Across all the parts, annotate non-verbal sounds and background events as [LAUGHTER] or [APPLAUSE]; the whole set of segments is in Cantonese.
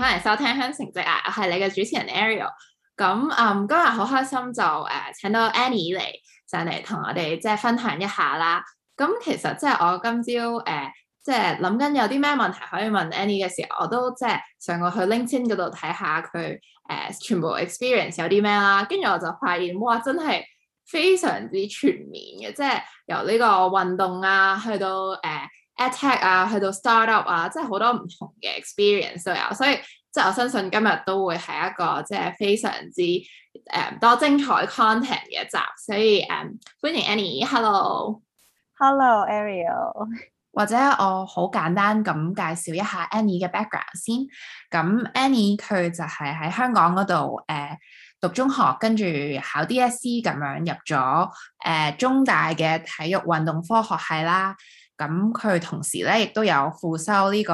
歡迎收聽《香城直啊》，我係你嘅主持人 Ariel。咁嗯，今日好開心就誒、呃，請到 Annie 嚟就嚟同我哋即係分享一下啦。咁其實即係我今朝誒、呃，即係諗緊有啲咩問題可以問 Annie 嘅時候，我都即係上過去 LinkedIn 嗰度睇下佢誒、呃、全部 experience 有啲咩啦。跟住我就發現，哇，真係非常之全面嘅，即係由呢個運動啊，去到誒、呃 Attack 啊，去到 startup 啊，即係好多唔同嘅 experience 都有，所以即係我相信今日都會係一個即係非常之誒、嗯、多精彩 content 嘅一集，所以誒、嗯、歡迎 Annie，hello，hello Hello , Ariel，或者我好簡單咁介紹一下 Annie 嘅 background 先，咁 Annie 佢就係喺香港嗰度誒讀中學，跟住考 DSE 咁樣入咗誒、呃、中大嘅體育運動科學系啦。咁佢同時咧，亦都有副修呢個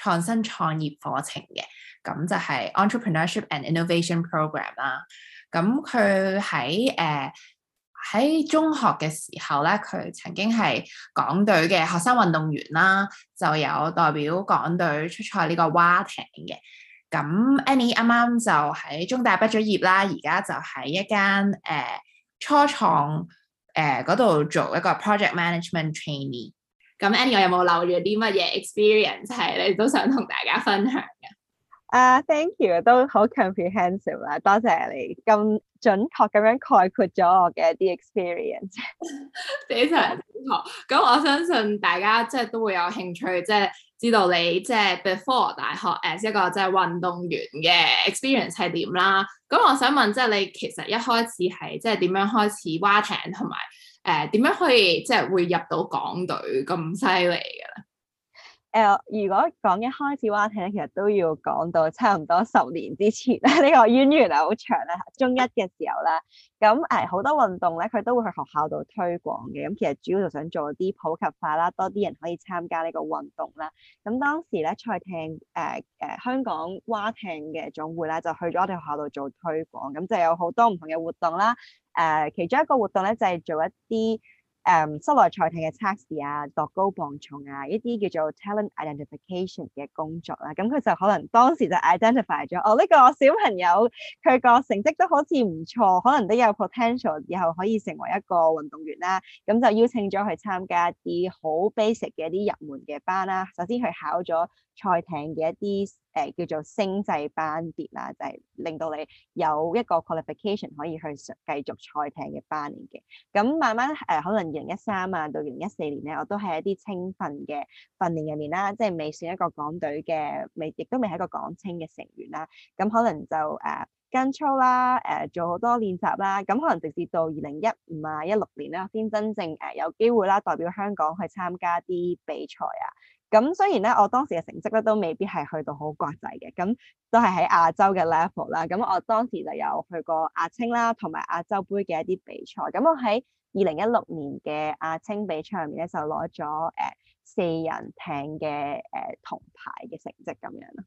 創新創業課程嘅，咁就係 Entrepreneurship and Innovation Program 啦。咁佢喺誒喺中學嘅時候咧，佢曾經係港隊嘅學生運動員啦，就有代表港隊出賽呢個蛙艇嘅。咁 Annie 啱啱就喺中大畢咗業，業啦，而家就喺一間誒、呃、初創誒嗰度做一個 project management trainee。咁 Annie 我有冇留住啲乜嘢 experience 係你都想同大家分享嘅？啊、uh,，thank you，都好 comprehensive 啦，多謝你咁準確咁樣概括咗我嘅啲 experience。 [LAUGHS] 非常之好，咁 [LAUGHS] 我相信大家即係都會有興趣，即係知道你即係 before 大學 as，一個即係運動員嘅 experience 係點啦。咁我想問，即係你其實一開始係即係點樣開始划艇同埋？誒點樣可以即係會入到港隊咁犀利嘅咧？誒、呃，如果講一開始划艇咧，其實都要講到差唔多十年之前啦，呢、這個淵源係好長啦。中一嘅時候咧，咁誒好多運動咧，佢都會去學校度推廣嘅。咁、嗯、其實主要就想做啲普及化啦，多啲人可以參加呢個運動啦。咁、嗯、當時咧賽艇誒香港划艇嘅總會咧，就去咗我哋學校度做推廣，咁、嗯、就有好多唔同嘅活動啦。誒、呃，其中一個活動咧就係、是、做一啲。誒室內賽艇嘅測試啊，度高磅重啊，一啲叫做 talent identification 嘅工作啦、啊，咁佢就可能當時就 identify 咗，哦呢、呢個小朋友佢個成績都好似唔錯，可能都有 potential 以後可以成為一個運動員啦、啊，咁就邀請咗佢參加一啲好 basic 嘅一啲入門嘅班啦、啊，首先佢考咗賽艇嘅一啲。誒叫做升級班別啦，就係、是、令到你有一個 qualification 可以去繼續賽艇嘅班年嘅。咁慢慢誒、呃，可能二零一三啊到二零一四年咧，我都係一啲青訓嘅訓練入面啦，即係未算一個港隊嘅，未亦都未係一個港青嘅成員啦。咁可能就誒、呃、跟操啦，誒、呃、做好多練習啦。咁可能直至到二零一五啊一六年啦，先真正誒有機會啦，代表香港去參加啲比賽啊。咁雖然咧，我當時嘅成績咧都未必係去到好國際嘅，咁都係喺亞洲嘅 level 啦。咁我當時就有去過亞青啦，同埋亞洲杯嘅一啲比賽。咁我喺二零一六年嘅亞青比賽入面咧，就攞咗誒四人艇嘅誒、呃、銅牌嘅成績咁樣咯。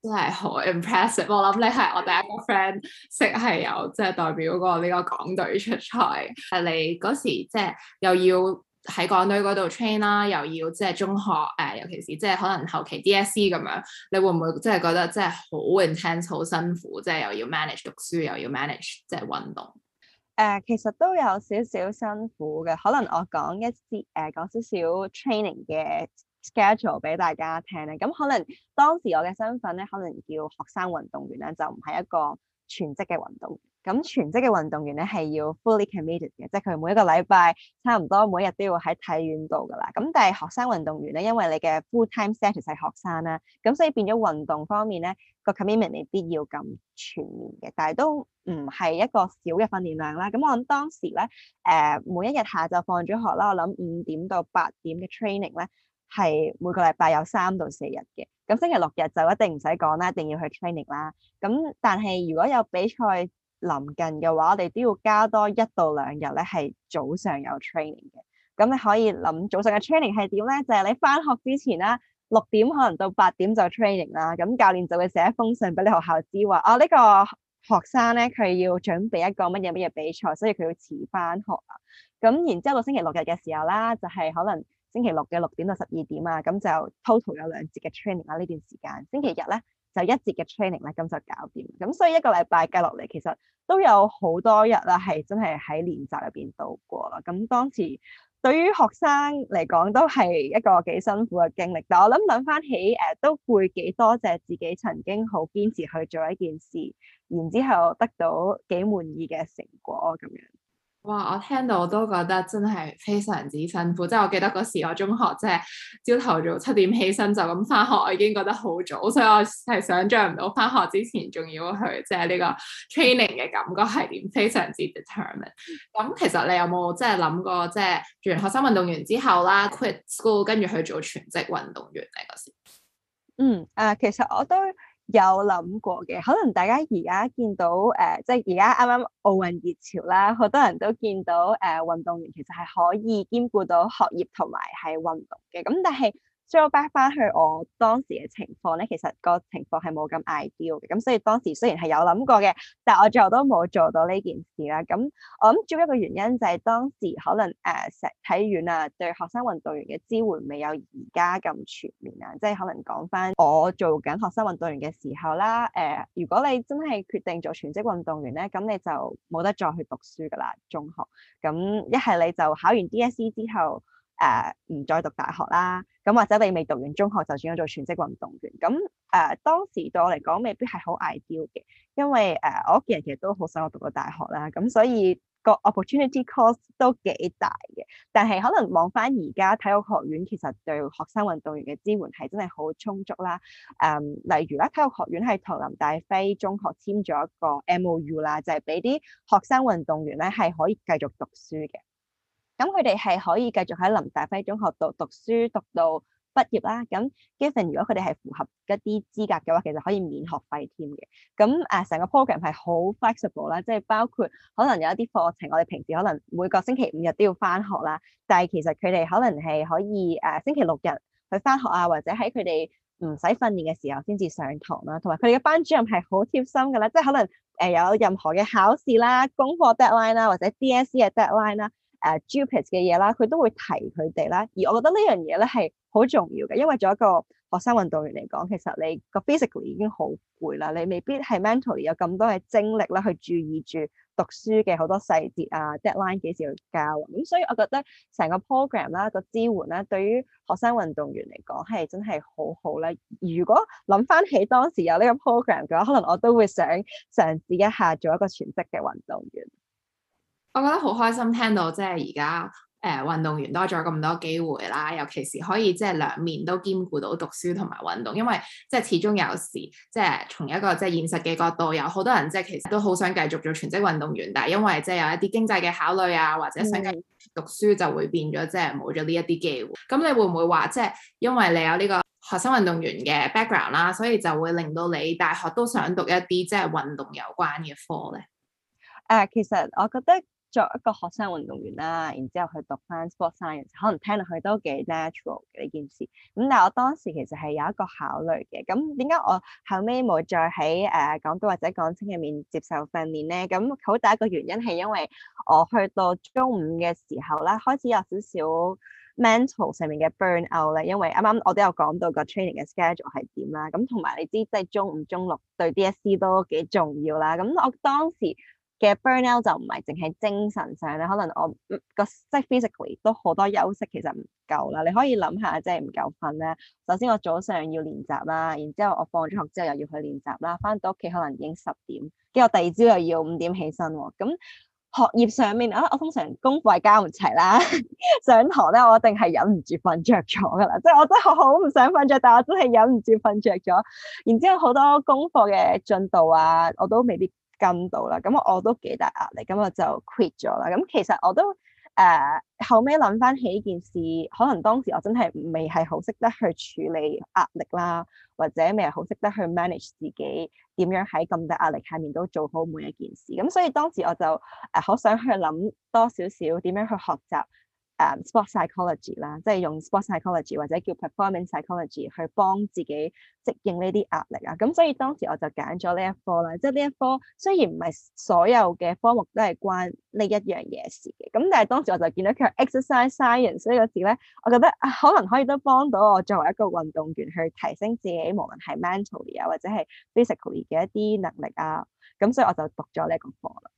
真係好 impressive！我諗你係我第一個 friend 識係有即係代表過呢個港隊出賽，係你嗰時即係又要，喺港隊嗰度 train 啦，又要即係中學，誒、呃，尤其是即係可能後期 DSE 咁樣，你會唔會即係覺得即係好 intense、好辛苦，即、就、係、是、又要 manage 讀書又要 manage 即係運動？誒、呃，其實都有少少辛苦嘅，可能我講一啲誒講少少 training 嘅 schedule 俾大家聽咧。咁可能當時我嘅身份咧，可能叫學生運動員咧，就唔係一個全職嘅運動員。咁全職嘅運動員咧係要 fully committed 嘅，即係佢每一個禮拜差唔多每日都要喺體院度噶啦。咁但係學生運動員咧，因為你嘅 full time status 係學生啦，咁所以變咗運動方面咧，個 commitment 未必要咁全面嘅，但係都唔係一個少嘅訓練量啦。咁我諗當時咧，誒、呃、每一日下晝放咗學啦，我諗五點到八點嘅 training 咧係每個禮拜有三到四日嘅。咁星期六日就一定唔使講啦，一定要去 training 啦。咁但係如果有比賽臨近嘅話，我哋都要加多一到兩日咧，係早上有 training 嘅。咁你可以諗早上嘅 training 係點咧？就係你翻學之前啦，六點可能到八點就 training 啦。咁教練就會寫一封信俾你學校知，話啊，呢個學生咧，佢要準備一個乜嘢乜嘢比賽，所以佢要遲翻學啊。咁然之後到星期六日嘅時候啦，就係可能星期六嘅六點到十二點啊，咁就 total 有兩節嘅 training 啦。呢段時間星期日咧，就一節嘅 training 咧，咁就搞掂。咁所以一個禮拜計落嚟，其實都有好多日啦，係真係喺練習入邊度過啦。咁當時對於學生嚟講，都係一個幾辛苦嘅經歷。但我諗諗翻起，誒、啊、都會幾多謝自己曾經好堅持去做一件事，然之後得到幾滿意嘅成果咁樣。哇！我聽到我都覺得真係非常之辛苦，即係我記得嗰時我中學即係朝頭早七點起身就咁翻學，我已經覺得好早，所以我係想象唔到翻學之前仲要去即係呢個 training 嘅感覺係點，非常之 determined。咁其實你有冇即係諗過即做完學生運動員之後啦，quit school 跟住去做全職運動員呢個事？嗰時嗯，誒、啊，其實我都。有諗過嘅，可能大家而家見到，誒、呃，即係而家啱啱奧運熱潮啦，好多人都見到，誒、呃，運動員其實係可以兼顧到學業同埋係運動嘅，咁但係追 back 翻去我當時嘅情況咧，其實個情況係冇咁 ideal 嘅，咁所以當時雖然係有諗過嘅，但係我最後都冇做到呢件事啦。咁我諗仲一個原因就係當時可能誒體院啊，對學生運動員嘅支援未有而家咁全面啊，即係可能講翻我做緊學生運動員嘅時候啦，誒如果你真係決定做全職運動員咧，咁你就冇得再去讀書噶啦，中學咁一係你就考完 DSE 之後，誒唔、uh, 再讀大學啦，咁或者你未讀完中學就算咗做全職運動員，咁誒、uh, 當時對我嚟講未必係好 ideal 嘅，因為誒、uh, 我屋企人其實都好想我讀個大學啦，咁所以個 opportunity cost 都幾大嘅。但係可能望翻而家體育學院其實對學生運動員嘅支援係真係好充足啦。誒、um，例如啦，體育學院喺林大輝中學簽咗一個 MOU 啦，就係俾啲學生運動員咧係可以繼續讀書嘅。咁佢哋係可以繼續喺林大輝中學度讀書讀到畢業啦。咁既然如果佢哋係符合一啲資格嘅話，其實可以免學費添嘅。咁誒，成個 program 係好 flexible 啦，即係包括可能有一啲課程，我哋平時可能每個星期五日都要翻學啦，但係其實佢哋可能係可以誒、呃、星期六日去翻學啊，或者喺佢哋唔使訓練嘅時候先至上堂啦。同埋佢哋嘅班主任係好貼心嘅啦，即係可能誒有任何嘅考試啦、功課 deadline 啦或者 DSE 嘅 deadline 啦。j u p s 嘅嘢啦，佢都會提佢哋啦。而我覺得樣呢樣嘢咧係好重要嘅，因為做一個學生運動員嚟講，其實你個 physically 已經好攰啦，你未必係 mentally 有咁多嘅精力啦去注意住讀書嘅好多細節啊、uh，deadline 幾時去交咁。所以我覺得成個 program 啦，個支援啦，對於學生運動員嚟講係真係好好咧。如果諗翻起當時有呢個 program 嘅話，可能我都會想嘗試一下做一個全職嘅運動員。我覺得好開心聽到，即係而家誒，運動員多咗咁多機會啦，尤其是可以即係兩面都兼顧到讀書同埋運動，因為即係始終有時，即係從一個即係現實嘅角度，有好多人即係其實都好想繼續做全職運動員，但係因為即係有一啲經濟嘅考慮啊，或者想繼續讀書就會變咗即係冇咗呢一啲機會。咁、嗯、你會唔會話即係因為你有呢個學生運動員嘅 background 啦，所以就會令到你大學都想讀一啲即係運動有關嘅科咧？誒、啊，其實我覺得。作一個學生運動員啦，然之後去讀翻 sports science，可能聽落去都幾 natural 嘅呢件事。咁但係我當時其實係有一個考慮嘅。咁點解我後尾冇再喺誒港隊或者港青入面接受訓練咧？咁好大一個原因係因為我去到中午嘅時候咧，開始有少少 mental 上面嘅 burn out 咧。因為啱啱我都有講到個 training 嘅 schedule 係點啦。咁同埋你知即係中五中六對 DSE 都幾重要啦。咁我當時。嘅 burnout 就唔係淨係精神上咧，可能我即係 physically 都好多休息其實唔夠啦。你可以諗下即係唔夠瞓咧。首先我早上要練習啦，然之後我放咗學之後又要去練習啦，翻到屋企可能已經十點，跟住我第二朝又要五點起身。咁學業上面啊，我通常功課係交唔齊啦。 [LAUGHS] 上堂咧，我一定係忍唔住瞓着咗噶啦，即係我真係好唔想瞓着，但我真係忍唔住瞓着咗。然之後好多功課嘅進度啊，我都未必。跟到啦，咁、嗯、我都幾大壓力，咁、嗯、我就 quit 咗啦。咁、嗯、其實我都誒、呃、後尾諗翻起呢件事，可能當時我真係未係好識得去處理壓力啦，或者未係好識得去 manage 自己點樣喺咁大壓力下面都做好每一件事。咁、嗯、所以當時我就誒好、呃、想去諗多少少點,點樣去學習。誒、um, sports psychology 啦，即係用 sports psychology 或者叫 performance psychology 去幫自己適應呢啲壓力啊，咁所以當時我就揀咗呢一科啦。即係呢一科雖然唔係所有嘅科目都係關呢一樣嘢事嘅，咁但係當時我就見到佢 exercise science，呢個字咧，我覺得、啊、可能可以都幫到我作為一個運動員去提升自己無論係 mentally 啊或者係 physically 嘅一啲能力啊，咁所以我就讀咗呢一個科啦。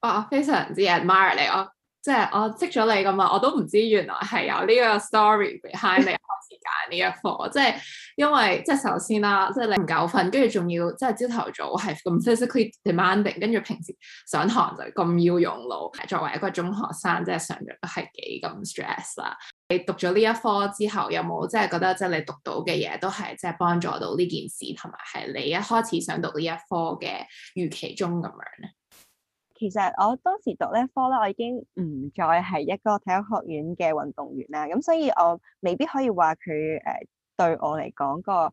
哇，非常之 admire 你啊。即係我識咗你噶嘛，我都唔知原來係有呢個 story behind 你開始揀呢一科。 [LAUGHS] 即係因為即係首先啦、啊，即係你唔夠瞓，跟住仲要即係朝頭早係咁 physically demanding，跟住平時上堂就咁要用腦。作為一個中學生，即係上咗係幾咁 stress 啦。你讀咗呢一科之後，有冇即係覺得即係你讀到嘅嘢都係即係幫助到呢件事，同埋係你一開始想讀呢一科嘅預期中咁樣咧？其實我當時讀咧科咧，我已經唔再係一個體育學院嘅運動員啦，咁所以我未必可以話佢誒對我嚟講，個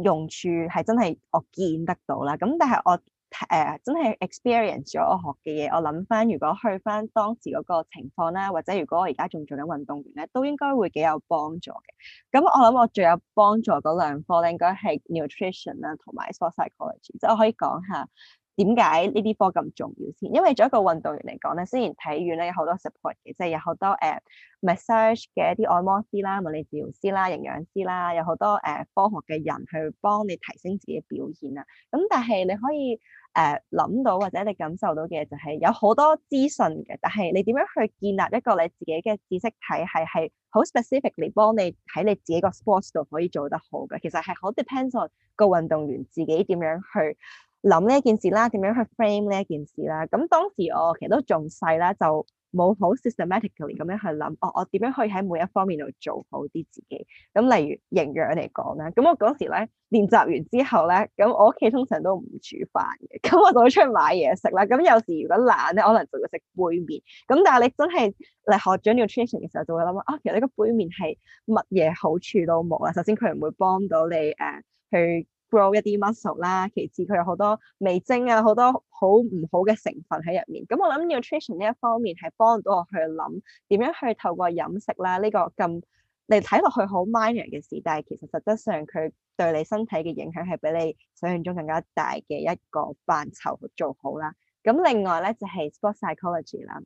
用處係真係我見得到啦。咁但係我誒、呃、真係 experience 咗我學嘅嘢，我諗翻如果去翻當時嗰個情況啦，或者如果我而家仲做緊運動員咧，都應該會幾有幫助嘅。咁我諗我最有幫助嗰兩科咧，應該係 nutrition 啦同埋 sport psychology，即我可以講下。點解呢啲科咁重要先？因為做一個運動員嚟講咧，雖然體院咧有好多 support 嘅，即係有好多誒、呃、massage 嘅一啲按摩師啦、物理治療師啦、營養師啦，有好多誒、呃、科學嘅人去幫你提升自己表現啦。咁但係你可以誒諗、呃、到或者你感受到嘅就係有好多資訊嘅，但係你點樣去建立一個你自己嘅知識體係係好 specific 嚟幫你喺你自己個 sports 度可以做得好嘅。其實係好 depends on 個運動員自己點樣去。諗呢一件事啦，點樣去 frame 呢一件事啦。咁當時我其實都仲細啦，就冇好 systematically 咁樣去諗。哦，我點樣可以喺每一方面度做好啲自己？咁例如營養嚟講咧，咁我嗰時咧練習完之後咧，咁我屋企通常都唔煮飯嘅，咁我就會出去買嘢食啦。咁有時如果懶咧，可能就會食杯麵。咁但係你真係嚟學咗呢個 nutrition 嘅時候，就會諗啊、哦，其實呢個杯麵係乜嘢好處都冇啊。首先佢唔會幫到你誒、呃、去。grow 一啲 muscle 啦，其次佢有好多味精啊，很多很好多好唔好嘅成分喺入面。咁我諗 nutrition 呢一方面係幫到我去諗點樣去透過飲食啦呢、這個咁你睇落去好 minor 嘅事，但係其實實質上佢對你身體嘅影響係比你想象中更加大嘅一個範疇做好啦。咁另外咧就係、是、sport psychology 啦。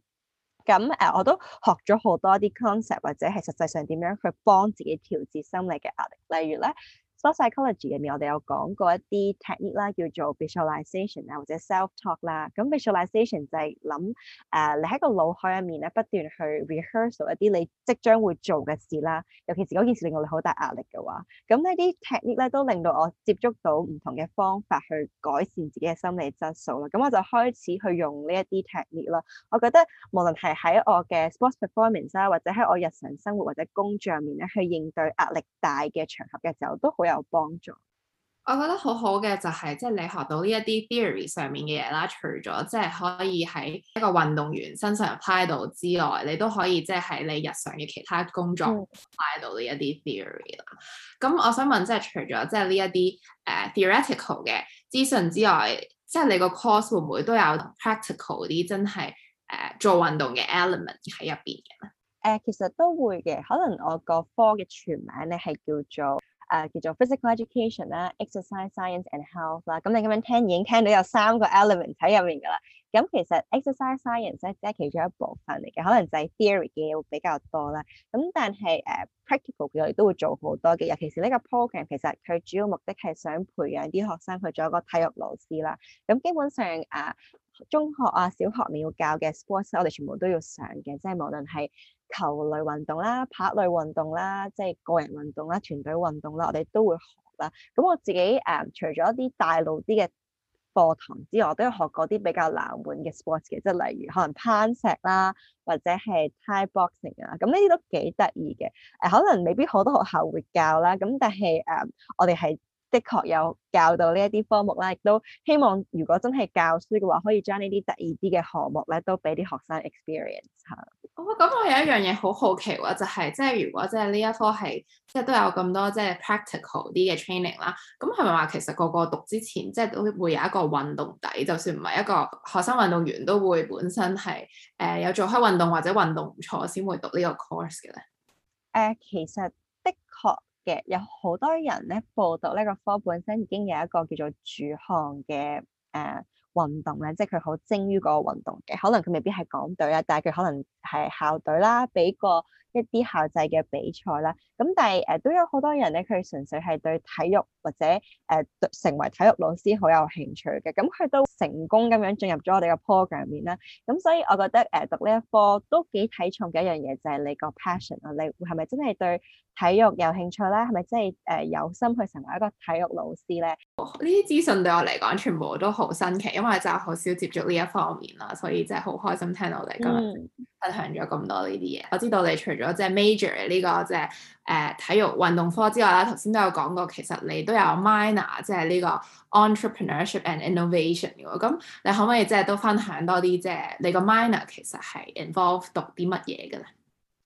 咁誒，我都學咗好多啲 concept 或者係實際上點樣去幫自己調節心理嘅壓力，例如咧。Sports psychology 入面，我哋有講過一啲 technique 啦，叫做 visualization 啊，或者 self-talk 啦。咁 visualization 就係諗誒，你喺個腦海入面咧不斷去 rehearsal 一啲你即將會做嘅事啦。尤其是件事令到你好大壓力嘅話，咁呢啲 technique 咧都令到我接觸到唔同嘅方法去改善自己嘅心理質素啦。咁我就開始去用呢一啲 technique 啦。我覺得無論係喺我嘅 sports performance 啦，或者喺我日常生活或者工作入面咧，去應對壓力大嘅場合嘅時候都好有有幫助，我覺得好好嘅就係即係你學到呢一啲 theory 上面嘅嘢啦，除咗即係可以喺一個運動員身上 apply 到之外，你都可以即係喺你日常嘅其他工作 apply 的到呢一啲 theory 啦。咁我想問，即係除咗即係呢一啲誒 theoretical 嘅資訊之外，即係你個 course 會唔會都有 practical 啲真係誒、uh, 做運動嘅 element 喺入邊嘅咧？誒，uh, 其實都會嘅，可能我個科嘅全名咧係叫做。誒、uh, 叫做 physical education 啦，exercise science and health 啦，咁、嗯、你咁樣聽，已經聽到有三個 element 喺入面噶啦。咁、嗯、其實 exercise science 咧、啊、即係其中一部分嚟嘅，可能就係 theory 嘅嘢會比較多啦。咁、嗯、但係誒、uh, practical 嘅我哋都會做好多嘅，尤其是呢個 program 其實佢主要目的係想培養啲學生去做一個體育老師啦。咁、嗯、基本上誒。Uh, 中學啊、小學你要教嘅 sports，我哋全部都要上嘅，即係無論係球類運動啦、拍類運動啦、即係個人運動啦、團隊運動啦，我哋都會學啦。咁我自己誒、呃，除咗一啲大路啲嘅課堂之外，我都有學過啲比較冷門嘅 sports 嘅，即係例如可能攀石啦，或者係泰 boxing 啊，咁呢啲都幾得意嘅。誒、呃，可能未必好多學校會教啦，咁但係誒、呃，我哋係。的確有教到呢一啲科目啦，亦都希望如果真係教書嘅話，可以將呢啲第二啲嘅項目咧，都俾啲學生 experience 嚇、哦。我咁，我有一樣嘢好好奇喎，就係、是、即係如果即係呢一科係即係都有咁多即係 practical 啲嘅 training 啦，咁係咪話其實個個讀之前即係都會有一個運動底，就算唔係一個學生運動員，都會本身係誒、呃、有做開運動或者運動唔錯先會讀呢個 course 嘅咧？誒、呃，其實。嘅有好多人咧，報讀呢個科本身已經有一個叫做主項嘅誒運動咧，即係佢好精於嗰個運動嘅，可能佢未必係港隊啦，但係佢可能係校隊啦，俾個。一啲校際嘅比賽啦，咁但係誒、呃、都有好多人咧，佢純粹係對體育或者誒、呃、成為體育老師好有興趣嘅，咁佢都成功咁樣進入咗我哋嘅 program 面啦。咁所以我覺得誒、呃、讀呢一科都幾睇重嘅一樣嘢，就係、是、你個 passion 啊，你係咪真係對體育有興趣咧？係咪真係誒、呃、有心去成為一個體育老師咧？呢啲資訊對我嚟講全部都好新奇，因為就好少接觸呢一方面啦，所以真係好開心聽到你講。嗯分享咗咁多呢啲嘢，我知道你除咗即係 major 呢、這個即係誒體育運動科之外啦，頭先都有講過，其實你都有 minor 即係呢個 entrepreneurship and innovation 嘅。咁、嗯、你可唔可以即係都分享多啲即係你個 minor 其實係 involve 讀啲乜嘢嘅咧？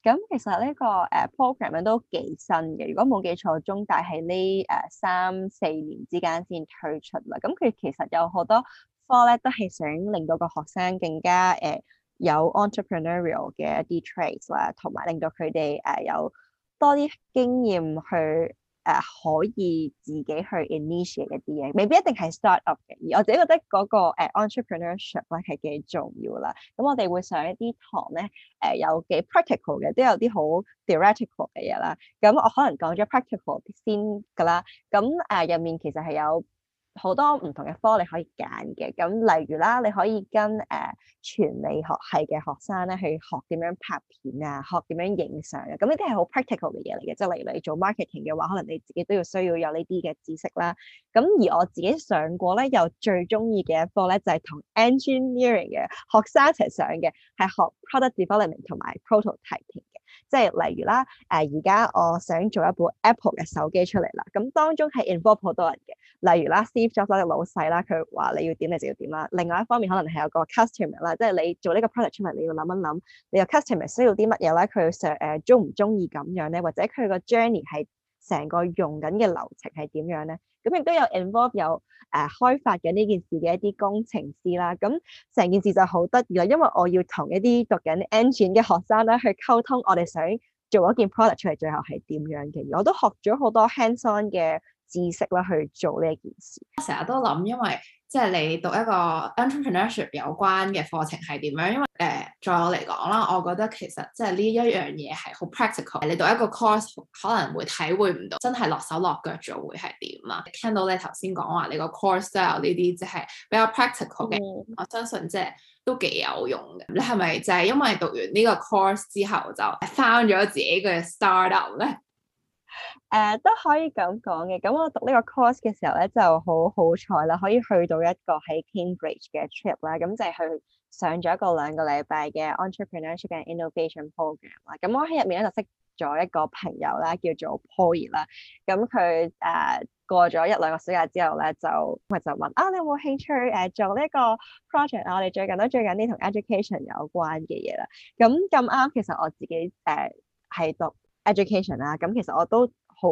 咁其實呢、這個誒 program 咧都幾新嘅，如果冇記錯，中大係呢誒三四年之間先推出啦。咁佢其實有好多科咧，都係想令到個學生更加誒。呃有 entrepreneurial 嘅一啲 traits，啦，同埋令到佢哋誒有多啲經驗去誒、呃、可以自己去 initiate 一啲嘢，未必一定係 start up 嘅。而我自己覺得嗰個 entrepreneurship 咧係幾重要啦。咁我哋會上一啲堂咧誒有幾 practical 嘅，都有啲好 theoretical 嘅嘢啦。咁我可能講咗 practical 先㗎啦。咁誒入面其實係有。好多唔同嘅科你可以揀嘅，咁例如啦，你可以跟誒傳理學系嘅學生咧去學點樣拍片啊，學點樣影相啊，咁呢啲係好 practical 嘅嘢嚟嘅。即係例如你做 marketing 嘅話，可能你自己都要需要有呢啲嘅知識啦。咁而我自己上過咧，又最中意嘅一科咧，就係、是、同 engineering 嘅學生一齊上嘅，係學 product development 同埋 prototyping 嘅。即係例如啦，誒而家我想做一部 Apple 嘅手機出嚟啦，咁、嗯、當中係 involve 好多人嘅，例如啦 Steve Jobs 啦隻老細啦，佢話你要點你就要點啦。另外一方面可能係有個 customer 啦，即係你做呢個 product 出嚟，你要諗一諗，你個 customer 需要啲乜嘢咧？佢誒中唔中意咁樣咧？或者佢個 journey 係成個用緊嘅流程係點樣咧？咁亦都有 involve 有誒、呃、開發緊呢件事嘅一啲工程師啦，咁、嗯、成件事就好得意啦，因為我要同一啲讀緊 engine 嘅學生咧去溝通，我哋想做一件 product 出嚟，最後係點樣嘅，我都學咗好多 hands-on 嘅。知識啦，去做呢一件事，我成日都諗，因為即係、就是、你讀一個 entrepreneurship 有關嘅課程係點樣？因為誒、呃，再我嚟講啦，我覺得其實即係呢一樣嘢係好 practical。你讀一個 course 可能會體會唔到，真係落手落腳做會係點啊！聽到你頭先講話你個 course style 呢啲即係比較 practical 嘅，Yeah. 我相信即係都幾有用嘅。你係咪就係因為讀完呢個 course 之後就 found 咗自己嘅 startup 咧？誒，uh, 都可以咁講嘅。咁我讀呢個 course 嘅時候咧，就好好彩啦，可以去到一個喺 Cambridge 嘅 trip 啦。咁就係去上咗一個兩個禮拜嘅 Entrepreneurship and Innovation Program 啦。咁我喺入面咧就識咗一個朋友啦，叫做 Paul 啦。咁佢誒過咗一兩個暑假之後咧，就咪就問啊？你有冇興趣誒做呢個 project 啊？我哋最近都做緊啲同 education 有關嘅嘢啦。咁咁啱，其實我自己誒係、uh, 讀。education 啦，咁其實我都好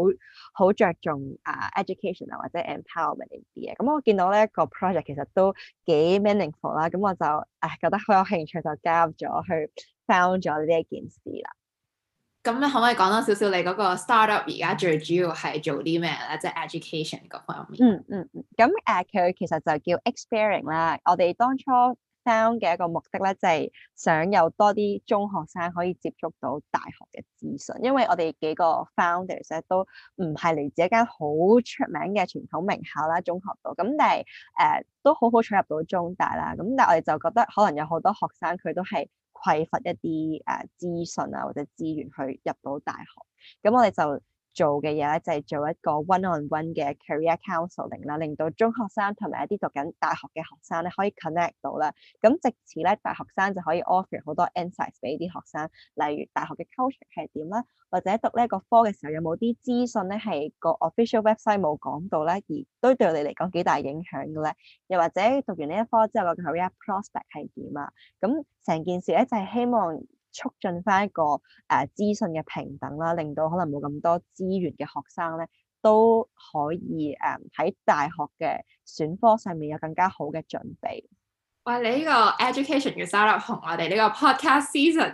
好著重啊、uh, education 啊或者 empowerment 呢啲嘢，咁我見到咧個 project 其實都幾 meaningful 啦，咁我就誒、哎、覺得好有興趣就加入咗去 found 咗呢一件事啦。咁咧可唔可以講多少少你嗰個 startup 而家最主要係做啲咩啊？即係 education 個方面。嗯嗯嗯，咁誒佢其實就叫 X-peering 啦，我哋當初嘅一個目的咧，就係、是、想有多啲中學生可以接觸到大學嘅資訊，因為我哋幾個 founders 都唔係嚟自一間好出名嘅傳統名校啦，中學度咁，但係誒、呃、都好好彩入到中大啦。咁但係我哋就覺得可能有好多學生佢都係匱乏一啲誒資訊啊，或者資源去入到大學。咁我哋就做嘅嘢咧就係、是、做一個 one-on-one 嘅 career counseling 啦，on er、令到中學生同埋一啲讀緊大學嘅學生咧可以 connect 到啦。咁直此咧大學生就可以 offer 好多 insights 俾啲學生，例如大學嘅 culture 係點啦，或者讀呢一個科嘅時候有冇啲資訊咧係個 official website 冇講到咧，而都對你嚟講幾大影響嘅咧。又或者讀完呢一科之後個 career prospect 係點啊？咁成件事咧就係、是、希望。促進翻一個誒、呃、資訊嘅平等啦，令到可能冇咁多資源嘅學生咧，都可以誒喺、呃、大學嘅選科上面有更加好嘅準備。哇！你呢個 education 嘅 set up 同我哋呢個 podcast season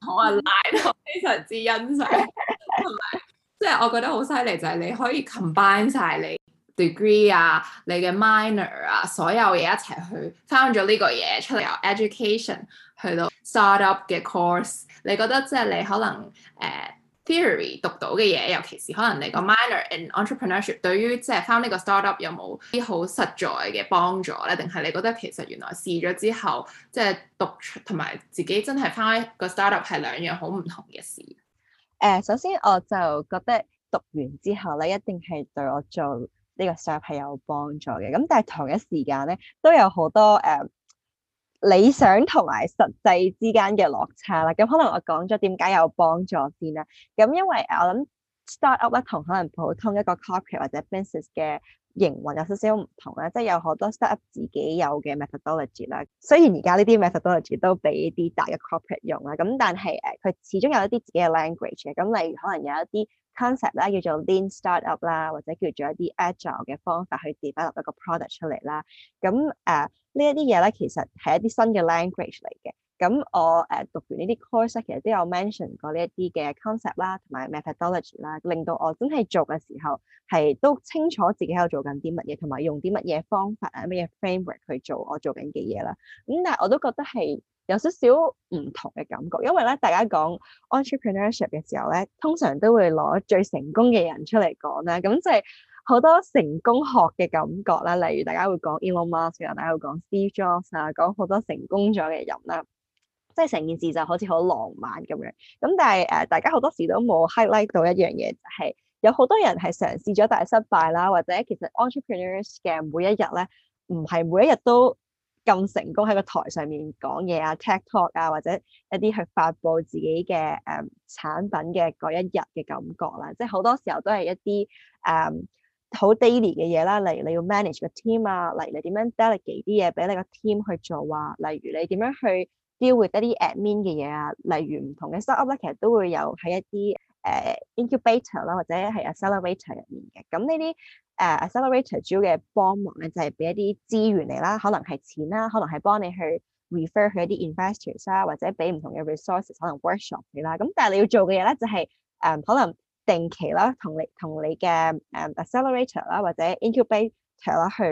好啊，個 o l i e 都非常之欣賞，同埋即係我覺得好犀利就係、是、你可以 combine 曬你 degree 啊、 [LAUGHS] 你嘅 minor 啊、所有嘢一齊去翻咗呢個嘢出嚟 education。去到 startup 嘅 course，你覺得即係你可能誒、uh, theory 讀到嘅嘢，尤其是可能你個 minor in entrepreneurship 對於即係翻呢個 startup 有冇啲好實在嘅幫助咧？定係你覺得其實原來試咗之後，即、就、係、是、讀出同埋自己真係翻個 startup 係兩樣好唔同嘅事。誒、呃，首先我就覺得讀完之後咧，一定係對我做呢個 startup 係有幫助嘅。咁但係同一時間咧，都有好多誒。Uh, 理想同埋實際之間嘅落差啦，咁可能我講咗點解有幫助先啦。咁因為我諗 start up 咧同可能普通一個 corporate 或者 business 嘅營運有少少唔同啦，即係有好多 start up 自己有嘅 methodology 啦。雖然而家呢啲 methodology 都俾啲大嘅 corporate 用啦，咁但係誒佢始終有一啲自己嘅 language 嘅，咁例如可能有一啲 concept 啦，叫做 lean start up 啦，或者叫做一啲 agile 嘅方法去 develop 一個 product 出嚟啦。咁誒。Uh, 呢一啲嘢咧，其實係一啲新嘅 language 嚟嘅。咁我誒、啊、讀完呢啲 course 其實都有 mention 過呢一啲嘅 concept 啦，同埋 methodology 啦，令到我真係做嘅時候係都清楚自己喺度做緊啲乜嘢，同埋用啲乜嘢方法啊，乜嘢 framework 去做我做緊嘅嘢啦。咁、嗯、但係我都覺得係有少少唔同嘅感覺，因為咧大家講 entrepreneurship 嘅時候咧，通常都會攞最成功嘅人出嚟講啦。咁即係。好多成功學嘅感覺啦，例如大家會講 Elon Musk，大家會講 Steve Jobs 啊，講好多成功咗嘅人啦，即係成件事就好似好浪漫咁樣。咁但係誒、呃，大家好多時都冇 highlight 到一樣嘢就係、是，有好多人係嘗試咗但係失敗啦，或者其實 Entrepreneurs 嘅每一日咧，唔係每一日都咁成功喺個台上面講嘢啊，tech talk 啊，或者一啲去發佈自己嘅誒、呃、產品嘅嗰一日嘅感覺啦，即係好多時候都係一啲誒。呃好 daily 嘅嘢啦，例如你要 manage 個 team 啊，例如你點樣 delegate 啲嘢俾你個 team 去做啊，例如你點樣去 deal with 一啲 admin 嘅嘢啊，例如唔同嘅 startup 咧，其實都會有喺一啲誒、uh, incubator 啦，或者係 accelerator 入面嘅。咁呢啲誒 accelerator 主要嘅幫忙咧，就係俾一啲資源嚟啦，可能係錢啦，可能係幫你去 refer 佢一啲 investors 啦、啊，或者俾唔同嘅 resources，可能 workshop 你啦。咁但係你要做嘅嘢咧，就係、是、誒、um, 可能。定期啦，同你同你嘅、嗯、誒 accelerator 啦，或者 incubator 啦，去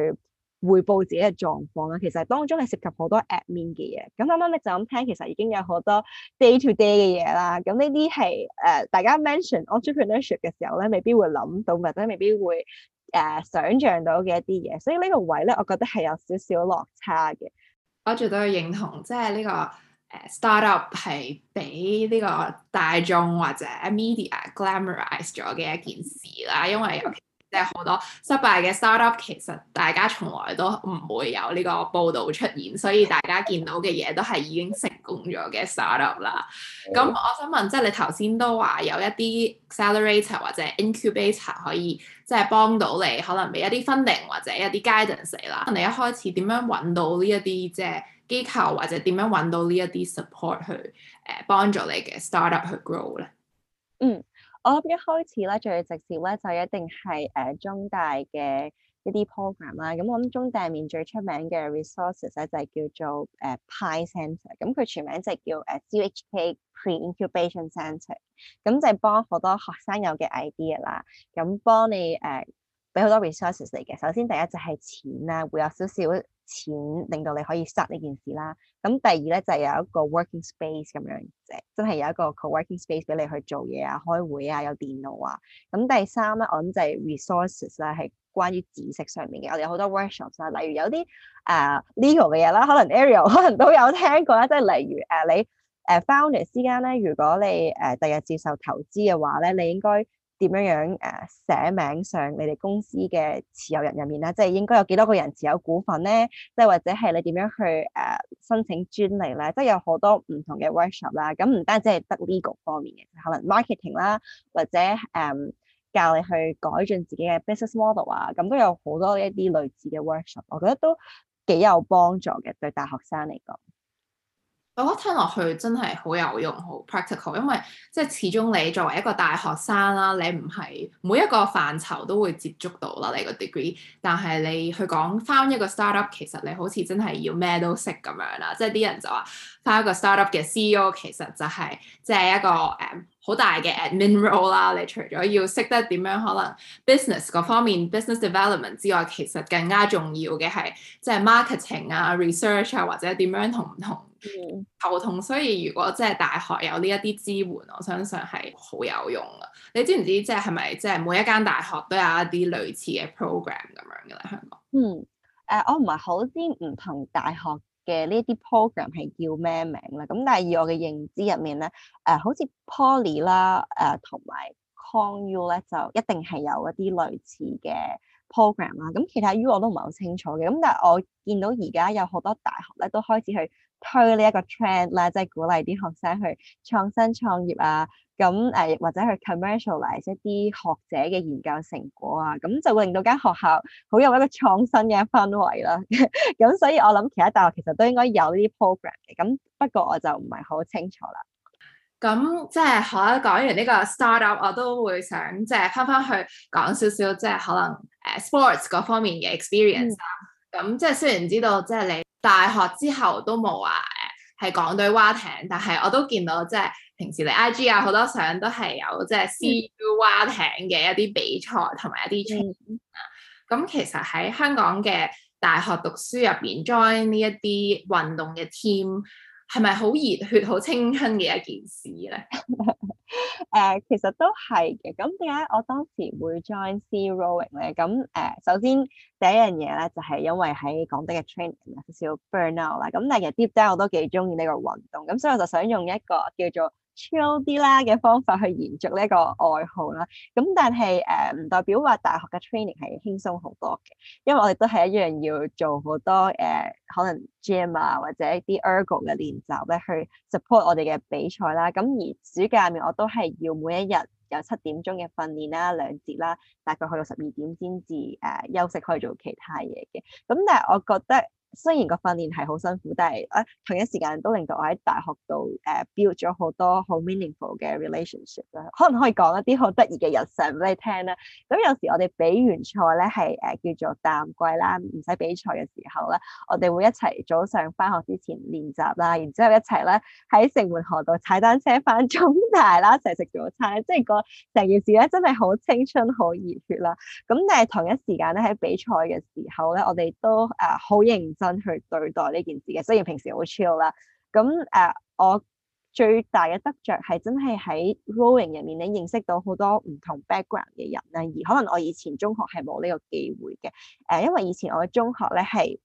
匯報自己嘅狀況啦。其實當中係涉及好多 admin 面嘅嘢。咁啱啱你就咁聽，其實已經有好多 day to day 嘅嘢啦。咁呢啲係誒大家 mention entrepreneurship 嘅時候咧，未必會諗到，或者未必會誒、呃、想象到嘅一啲嘢。所以呢個位咧，我覺得係有少少落差嘅。我絕對對認同，即係呢個。誒 start up 係俾呢個大眾或者 media glamourise 咗嘅一件事啦，因為即係好多失敗嘅 start up，其實大家從來都唔會有呢個報導出現，所以大家見到嘅嘢都係已經成功咗嘅 start up 啦。咁 Okay。我想問，即係你頭先都話有一啲 accelerator 或者 incubator 可以即係幫到你，可能俾一啲 funding 或者一啲 guidance 啦。你一開始點樣揾到呢一啲即係？就是機構或者點樣揾到呢一啲 support 去誒幫助你嘅 startup 去 grow 咧？嗯，我諗一開始咧，最直接咧就一定係誒、呃、中大嘅一啲 program 啦。咁我諗中大面最出名嘅 resources 咧就係、是、叫做誒、uh, Pi Centre。咁佢全名就係叫誒 CUHK Pre Incubation Centre。咁就係幫好多學生有嘅 idea 啦，咁幫你誒俾好多 resources 嚟嘅。首先第一就係錢啦，會有少少。錢令到你可以 start 呢件事啦。咁第二咧就係、是、有一個 working space 咁樣即真係有一個 co-working space 俾你去做嘢啊、開會啊、有電腦啊。咁第三咧，我諗就係 resources 啦，係關於知識上面嘅。我哋有好多 workshop 啦，例如有啲誒、呃、legal 嘅嘢啦，可能 Ariel 可能都有聽過啦。即係例如誒、呃、你誒、呃、founder 之間咧，如果你誒、呃、第日接受投資嘅話咧，你應該。點樣樣誒寫名上你哋公司嘅持有人入面咧，即係應該有幾多個人持有股份咧？即係或者係你點樣去誒申請專利咧？即係有好多唔同嘅 workshop 啦。咁唔單止係得 legal 方面嘅，可能 marketing 啦，或者誒、嗯、教你去改進自己嘅 business model 啊，咁都有好多一啲類似嘅 workshop。我覺得都幾有幫助嘅對大學生嚟講。我覺得聽落去真係好有用，好 practical，因為即係始終你作為一個大學生啦，你唔係每一個範疇都會接觸到啦，你個 degree，但係你去講翻一個 startup，其實你好似真係要咩都識咁樣啦，即係啲人就話翻一個 startup 嘅 CEO 其實就係即係一個誒、呃好大嘅 admin role 啦，你除咗要識得點樣可能 business 嗰方面 business development 之外，其實更加重要嘅係即係、就是、marketing 啊、research 啊，或者點樣同唔同溝通、嗯。所以如果即係大學有呢一啲支援，我相信係好有用噶。你知唔知即係係咪即係每一間大學都有一啲類似嘅 program 咁樣嘅咧？香港嗯誒、呃、我唔係好知唔同大學。嘅呢啲 program 係叫咩名咧？咁但係以我嘅認知入面咧，誒、呃、好似 Poly 啦，誒、呃、同埋 ConU 咧就一定係有一啲類似嘅 program 啦。咁、嗯、其他 U 我都唔係好清楚嘅。咁但係我見到而家有好多大學咧都開始去，推呢一個 trend 啦，即係鼓勵啲學生去創新創業啊，咁誒，或者去 commercialize 一啲學者嘅研究成果啊，咁就會令到間學校好有一個創新嘅氛圍啦。咁 [LAUGHS] 所以我諗其他大學其實都應該有呢啲 program 嘅，咁不過我就唔係好清楚啦。咁即係好啦，講完呢個 startup，我都會想即係翻翻去講少少，即係、就是、可能誒、呃、sports 嗰方面嘅 experience 啦、嗯。咁即係雖然知道即係、就是、你。大學之後都冇話誒、係港隊劃艇，但係我都見到即係、就是、平時你 I G 啊好多相都係有即係、就是、CU 劃艇嘅一啲比賽同埋一啲賽事。咁其實喺香港嘅大學讀書入邊 join 呢一啲運動嘅 team。係咪好熱血、好青春嘅一件事咧？誒、 [LAUGHS] 呃，其實都係嘅。咁點解我當時會 join C Rowing 咧？咁誒、呃，首先第一樣嘢咧，就係、是、因為喺港隊嘅 training 有少少 burn out 啦。咁但係其實 deep down 我都幾中意呢個運動。咁所以我就想用一個叫做 chill 啲啦嘅方法去延續呢一個愛好啦，咁但係誒唔代表話大學嘅 training 係輕鬆好多嘅，因為我哋都係一樣要做好多誒、呃、可能 gym 啊或者啲 ergo 嘅練習咧，去 support 我哋嘅比賽啦。咁、啊、而暑假入面我都係要每一日有七點鐘嘅訓練啦，兩節啦、啊，大概去到十二點先至誒休息去做其他嘢嘅。咁、啊、但係我覺得。雖然個訓練係好辛苦，但係誒同一時間都令到我喺大學度誒 build 咗好多好 meaningful 嘅 relationship 啦。可能可以講一啲好得意嘅日常俾你聽啦。咁有時我哋比完賽咧係誒叫做淡季啦，唔使比賽嘅時候咧，我哋會一齊早上返學之前練習啦，然之後一齊咧喺城門河度踩單車返中大啦，一齊食早餐，即係個成件事咧真係好青春好熱血啦。咁但係同一時間咧喺比賽嘅時候咧，我哋都誒好認真。去對待呢件事嘅，雖然平時好 chill 啦，咁、呃、誒我最大嘅得着係真係喺 rowing 入面，你認識到好多唔同 background 嘅人啦，而可能我以前中學係冇呢個機會嘅，誒、呃、因為以前我嘅中學咧係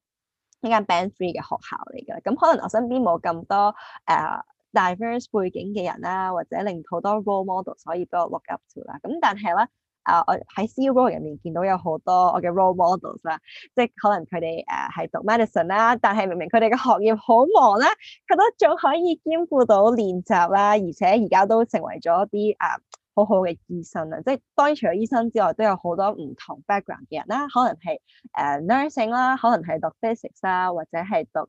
一間 band three 嘅學校嚟嘅，咁、嗯、可能我身邊冇咁多誒、呃、diverse 背景嘅人啦，或者令好多 role models 可以俾我 look up to 啦、嗯，咁但係咧。啊！我喺 CU Row 入面見到有好多我嘅 role models 啦、啊，即係可能佢哋誒係讀 medicine 啦、啊，但係明明佢哋嘅學業好忙啦，佢、啊、都仲可以兼顧到練習啦、啊，而且而家都成為咗一啲啊好好嘅醫生啦。即、啊、係當然除咗醫生之外，都有好多唔同 background 嘅人啦、啊，可能係誒、啊、nursing 啦、啊，可能係讀 physics 啦、啊，或者係讀誒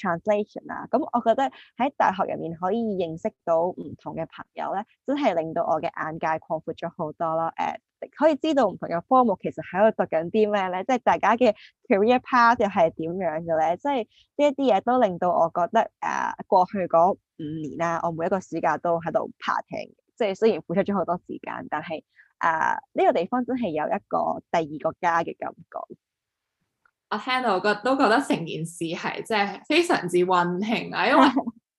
translation 啦。咁、啊啊嗯、我覺得喺大學入面可以認識到唔同嘅朋友咧、啊，真係令到我嘅眼界擴闊咗好多咯。誒、啊、～、啊可以知道唔同嘅科目其實喺度讀緊啲咩咧，即係大家嘅 career path 又係點樣嘅咧？即係呢一啲嘢都令到我覺得誒、呃，過去嗰五年啦，我每一個暑假都喺度扒艇，即係雖然付出咗好多時間，但係誒呢個地方真係有一個第二個家嘅感覺。我聽到覺得都覺得成件事係即係非常之溫馨啊，因為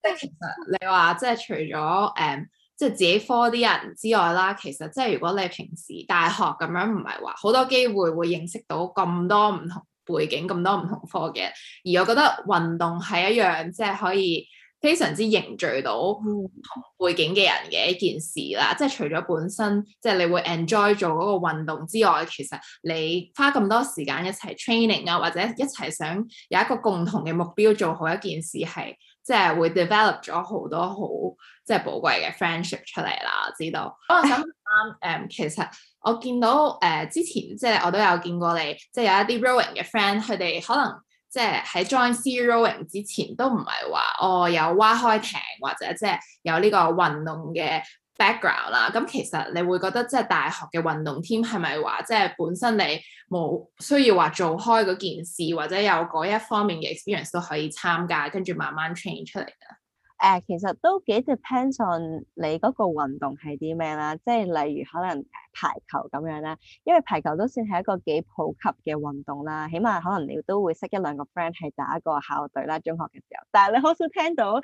即其實你話即係除咗誒。Um, 即係自己科啲人之外啦，其實即係如果你平時大學咁樣唔係話好多機會會認識到咁多唔同背景、咁多唔同科嘅人。而我覺得運動係一樣，即係可以非常之凝聚到唔同背景嘅人嘅一件事啦。嗯、即係除咗本身即係你會 enjoy 做嗰個運動之外，其實你花咁多時間一齊 training 啊，或者一齊想有一個共同嘅目標做好一件事係。即係會 develop 咗好多好即係寶貴嘅 friendship 出嚟啦，知道。哦咁啱，誒， [LAUGHS] 其實我見到誒、呃，之前即係我都有見過你，即係有一啲 rowing 嘅 friend，佢哋可能即係喺 join C rowing 之前都唔係話我有划開艇，或者即係有呢個運動嘅。background 啦，咁其實你會覺得即係大學嘅運動 team，係咪話即係本身你冇需要話做開嗰件事，或者有嗰一方面嘅 experience 都可以參加，跟住慢慢 train 出嚟啊？誒、uh, 其實都幾 depends on 你嗰個運動係啲咩啦，即係例如可能排球咁樣啦，因為排球都算係一個幾普及嘅運動啦，起碼可能你都會識一兩個 friend 係打一個校隊啦，中學嘅時候。但係你好少聽到有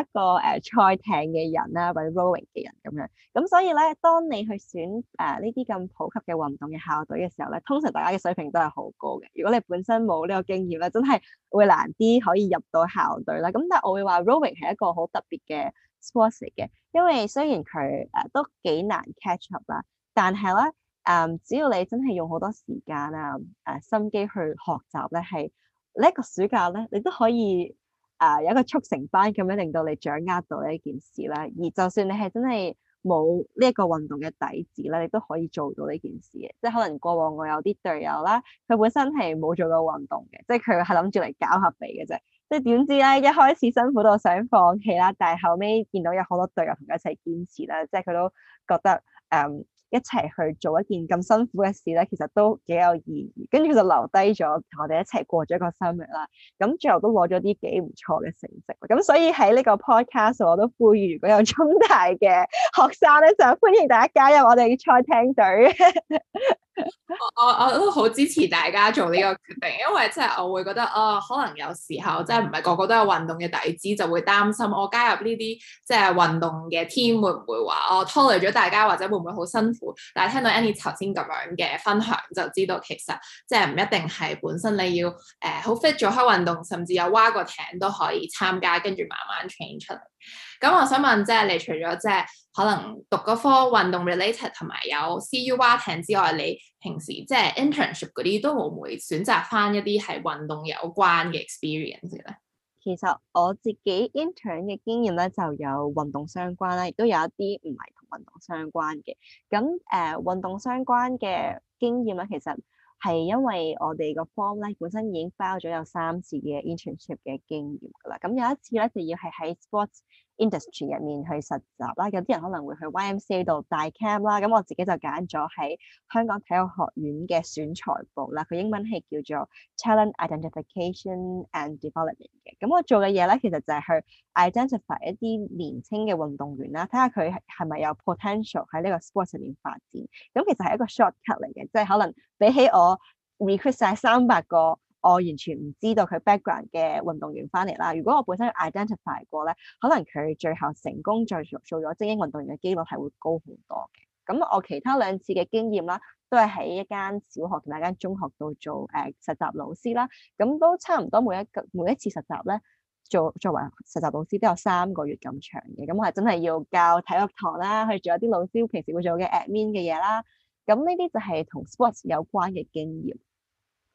一個誒、uh, 賽艇嘅人啦，或者 rowing 嘅人咁樣。咁所以咧，當你去選誒呢啲咁普及嘅運動嘅校隊嘅時候咧，通常大家嘅水平都係好高嘅。如果你本身冇呢個經驗咧，真係會難啲可以入到校隊啦。咁但係我會話 rowing 係一個好特別嘅 sport 嚟嘅，因為雖然佢誒都幾難 catch up 啦，但係咧誒，只要你真係用好多時間啊、誒、啊、心機去學習咧，係呢一個暑假咧，你都可以誒、啊、有一個速成班咁樣令到你掌握到呢一件事啦。而就算你係真係冇呢一個運動嘅底子啦，你都可以做到呢件事嘅。即係可能過往我有啲隊友啦，佢本身係冇做過運動嘅，即係佢係諗住嚟搞下鼻嘅啫。即係點知咧，一開始辛苦到想放棄啦，但係後尾見到有好多隊友同佢一齊堅持啦，即係佢都覺得誒、嗯、一齊去做一件咁辛苦嘅事咧，其實都幾有意義。跟住佢就留低咗同我哋一齊過咗一個生日啦。咁最後都攞咗啲幾唔錯嘅成績。咁所以喺呢個 podcast 我都呼籲，如果有中大嘅學生咧，就歡迎大家加入我哋嘅賽艇隊。 [LAUGHS] 我我都好支持大家做呢個決定，因為即係我會覺得啊、哦，可能有時候即係唔係個個都有運動嘅底子，就會擔心我加入呢啲即係運動嘅 team 會唔會話我、哦、拖累咗大家，或者會唔會好辛苦？但係聽到 Annie 頭先咁樣嘅分享，就知道其實即係唔一定係本身你要誒好、呃、fit 做開運動，甚至有划過艇都可以參加，跟住慢慢 train 出嚟。咁我想問即係你除咗即係可能讀嗰科運動 related 同埋有，有 CU 划艇之外，你平時即係 internship 嗰啲都會唔會選擇返一啲係運動有關嘅 experience 咧？其實我自己 intern 嘅經驗咧就有運動相關啦，亦都有一啲唔係同運動相關嘅。咁誒、呃、運動相關嘅經驗咧，其實係因為我哋個 form 咧本身已經包咗有三次嘅 internship 嘅經驗噶啦。咁有一次咧就要係喺 sports。Industry 入面去實習啦，有啲人可能會去 YMCA 度大 camp 啦，咁我自己就揀咗喺香港體育學院嘅選材部啦，佢英文係叫做 Challenge identification and development 嘅。咁我做嘅嘢咧，其實就係去 identify 一啲年輕嘅運動員啦，睇下佢係咪有 potential 喺呢個 sport 入面發展。咁其實係一個 shortcut 嚟嘅，即係可能比起我 request 晒三百個。我完全唔知道佢 background 嘅運動員翻嚟啦。如果我本身 identify 過咧，可能佢最後成功做做咗精英運動員嘅機率係會高好多嘅。咁我其他兩次嘅經驗啦，都係喺一間小學同埋一間中學度做誒、呃、實習老師啦。咁都差唔多每一每一次實習咧，做作為實習老師都有三個月咁長嘅。咁我係真係要教體育堂啦，去做一啲老師平時會做嘅 admin 嘅嘢啦。咁呢啲就係同 sports 有關嘅經驗。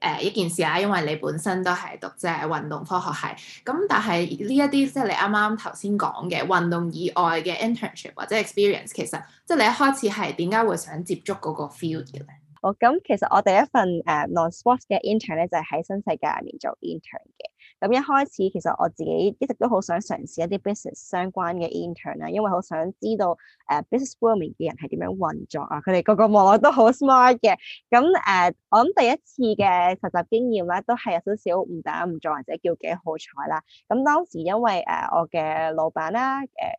誒、uh, 一件事啊，因為你本身都係讀即係運動科學系，咁但係呢一啲即係你啱啱頭先講嘅運動以外嘅 internship 或者 experience，其實即係你一開始係點解會想接觸嗰個 field 嘅咧？哦，咁、嗯、其實我第一份誒、uh, non-sports 嘅 intern 咧就係喺新世界入面做 intern 嘅。咁一開始其實我自己一直都好想嘗試一啲 business 相關嘅 intern 啊，因為好想知道誒 business world 入面嘅人係點樣運作啊，佢哋個個網絡都好 smart 嘅。咁誒、呃，我諗第一次嘅實習經驗咧、啊，都係有少少誤打誤撞，或者叫幾好彩啦。咁當時因為誒、呃、我嘅老闆啦、啊、誒。呃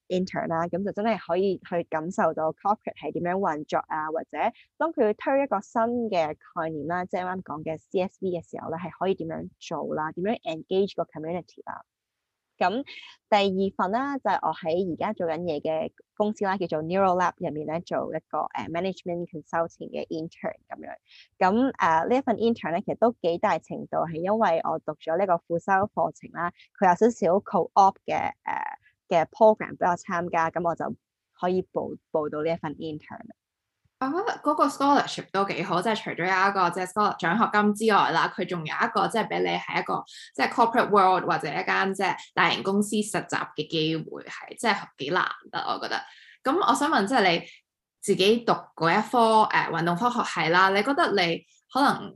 intern 啦，咁、啊、就真係可以去感受到 corporate 係點樣運作啊，或者當佢推一個新嘅概念啦、啊，即係啱啱講嘅 CSV 嘅時候咧，係可以點樣做啦、啊，點樣 engage 個 community 啊？咁第二份啦，就係、是、我喺而家做緊嘢嘅公司啦、啊，叫做 Neural Lab 入面咧做一個誒、uh, management consulting 嘅 intern 咁樣。咁誒呢一份 intern 咧其實都幾大程度係因為我讀咗呢個副修課程啦、啊，佢有少少 co-op 嘅誒嘅 program 俾我參加，咁我就可以報報到呢一份 intern。我覺得，嗰個 scholarship 都幾好，即係除咗有一個即係 scholarship 獎學金之外啦，佢仲有一個即係俾你係一個即係 corporate world 或者一間即係大型公司實習嘅機會，係即係幾難得我覺得。咁我想問，即係你自己讀嗰一科誒、呃、運動科學係啦，你覺得你可能？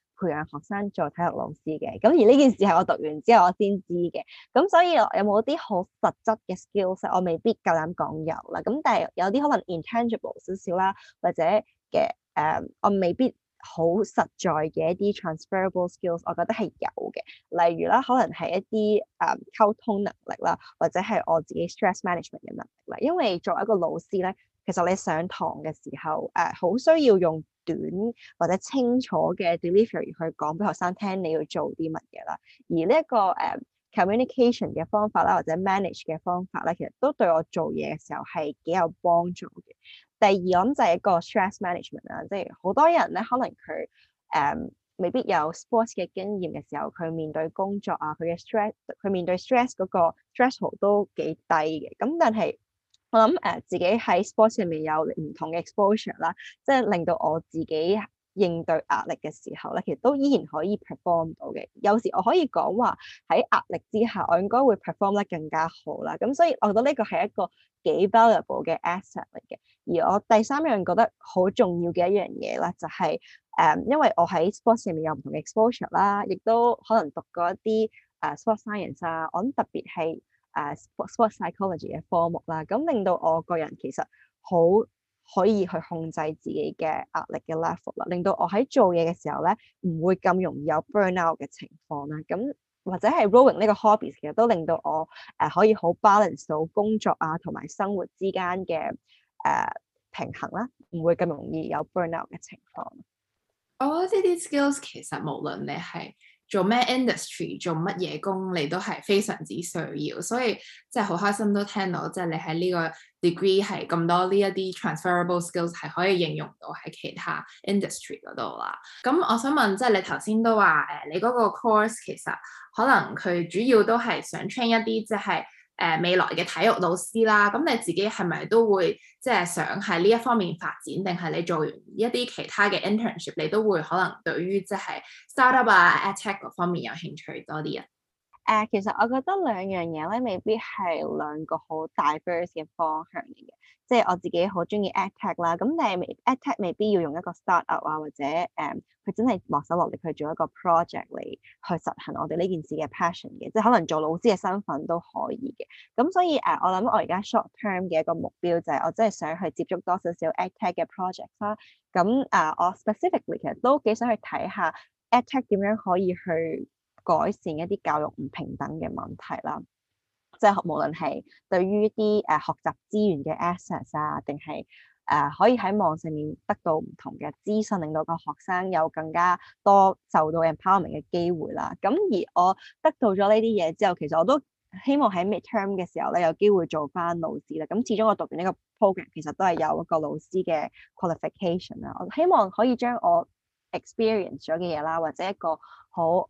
培養學生做體育老師嘅，咁而呢件事係我讀完之後我先知嘅，咁所以有冇啲好實質嘅 skills，我未必夠膽講有啦。咁但係有啲可能 intangible 少少啦，或者嘅誒、呃，我未必好實在嘅一啲 transferable skills，我覺得係有嘅。例如啦，可能係一啲誒、嗯、溝通能力啦，或者係我自己 stress management 嘅能力啦。因為做一個老師咧。其實你上堂嘅時候，誒、uh, 好需要用短或者清楚嘅 delivery 去講俾學生聽你要做啲乜嘢啦。而呢、這、一個誒、uh, communication 嘅方法啦，或者 manage 嘅方法咧，其實都對我做嘢嘅時候係幾有幫助嘅。第二，我就係一個 stress management 啦，即係好多人咧，可能佢誒、um, 未必有 sports 嘅經驗嘅時候，佢面對工作啊，佢嘅 stress，佢面對 stress 嗰個 stress level 都幾低嘅。咁但係，我諗誒、呃、自己喺 sports 入面有唔同嘅 exposure 啦，即係令到我自己應對壓力嘅時候咧，其實都依然可以 perform 到嘅。有時我可以講話喺壓力之下，我應該會 perform 得更加好啦。咁所以我覺得呢個係一個幾 valuable 嘅 asset 嚟嘅。而我第三樣覺得好重要嘅一樣嘢咧，就係、是、誒、呃，因為我喺 sports 入面有唔同嘅 exposure 啦，亦都可能讀過一啲誒、呃、sports science 啊。我諗特別係，誒、uh,，sports psychology 嘅科目啦，咁令到我個人其實好可以去控制自己嘅壓力嘅 level 啦，令到我喺做嘢嘅時候咧唔會咁容易有 burnout 嘅情況啦。咁或者係 rowing 呢個 hobbies 其實都令到我誒、uh, 可以好 balance 到工作啊同埋生活之間嘅誒平衡啦，唔會咁容易有 burnout 嘅情況。我覺得呢啲 skills 其實無論你係。做咩 industry 做乜嘢工，你都係非常之需要，所以即係好開心都聽到，即係你喺呢個 degree 係咁多呢一啲 transferable skills 係可以應用到喺其他 industry 嗰度啦。咁我想問，即係你頭先都話誒，你嗰個 course 其實可能佢主要都係想 train 一啲即係。誒、呃、未來嘅體育老師啦，咁、嗯、你自己係咪都會即係、就是、想喺呢一方面發展，定係你做完一啲其他嘅 internship，你都會可能對於即係、就是、startup 啊、attack 嗰方面有興趣多啲啊？誒，uh, 其實我覺得兩樣嘢咧，未必係兩個好 diverse 嘅方向嚟嘅。即係我自己好中意 EdTech 啦，咁但係 EdTech 未必要用一個 startup 啊，或者誒，佢、um, 真係落手落力去做一個 project 嚟去實行我哋呢件事嘅 passion 嘅。即係可能做老師嘅身份都可以嘅。咁所以誒，uh, 我諗我而家 short term 嘅一個目標就係我真係想去接觸多少少 EdTech 嘅 project 啦。咁啊，uh, 我 specifically 其實都幾想去睇下 EdTech 點樣可以去。改善一啲教育唔平等嘅問題啦，即係無論係對於啲誒學習資源嘅 access 啊，定係誒可以喺網上面得到唔同嘅資訊令到個學生有更加多受到 empowerment 嘅機會啦。咁而我得到咗呢啲嘢之後，其實我都希望喺 midterm 嘅時候咧有機會做翻老師啦。咁始終我讀完呢個 program，其實都係有一個老師嘅 qualification 啦。我希望可以將我 experience 咗嘅嘢啦，或者一個好。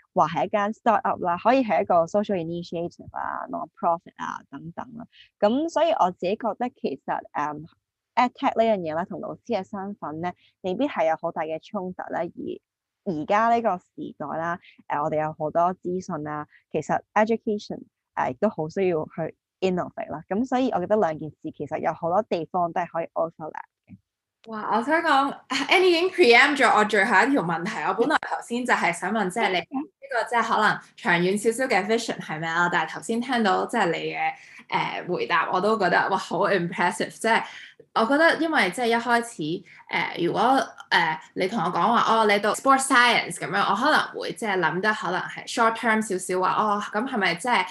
話係一間 startup 啦，可以係一個 social initiative 啊、non-profit 啊等等啦、啊。咁所以我自己覺得其實誒、嗯、，EdTech 呢樣嘢咧，同老師嘅身份咧，未必係有好大嘅衝突咧、啊。而而家呢個時代啦，誒、啊，我哋有好多資訊啦，其實 education 誒、啊、都好需要去 innovate 啦、啊。咁所以我覺得兩件事其實有好多地方都係可以 overlap 嘅。哇，我想講，Andy 已經 pre-empt 咗我最後一條問題。我本來頭先就係想問即係、就是、你。個即係可能長遠少少嘅 vision 係咪啊？但係頭先聽到即係你嘅誒、呃、回答，我都覺得哇好 impressive！即、就、係、是。我覺得因為即係一開始誒，如果誒你同我講話哦，你讀 sports science 咁樣，我可能會即係諗得可能係 short term 少少話哦，咁係咪即係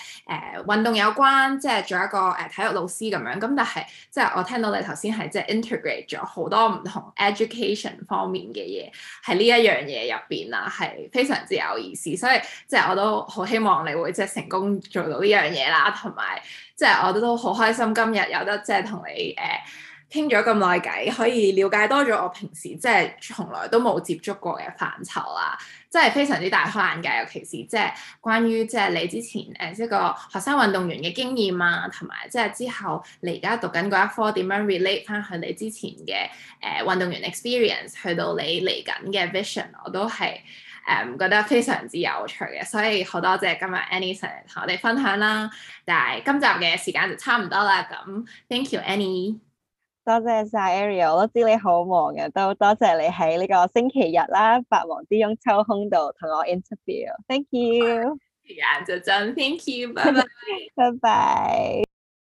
誒運動有關，即係做一個誒體育老師咁樣？咁但係即係我聽到你頭先係即係 integrate 咗好多唔同 education 方面嘅嘢，喺呢一樣嘢入邊啦，係非常之有意思。所以即係我都好希望你會即係成功做到呢樣嘢啦，同埋即係我都都好開心今日有得即係同你誒、呃傾咗咁耐偈，可以了解多咗我平時即係從來都冇接觸過嘅範疇啊！即係非常之大開眼界，尤其是即係關於即係你之前誒即、呃這個學生運動員嘅經驗啊，同埋即係之後你而家讀緊嗰一科點樣 relate 翻去你之前嘅誒、呃、運動員 experience 去到你嚟緊嘅 vision，我都係誒、呃、覺得非常之有趣嘅。所以好多謝今日 Annie 同我哋分享啦，但係今集嘅時間就差唔多啦。咁 Thank you，Annie。多謝晒 Ariel，我都知你好忙嘅，啊，都多謝你喺呢個星期日啦，百忙之中抽空度同我 interview。Thank you，Yeah，so done，Thank you，拜拜，拜拜。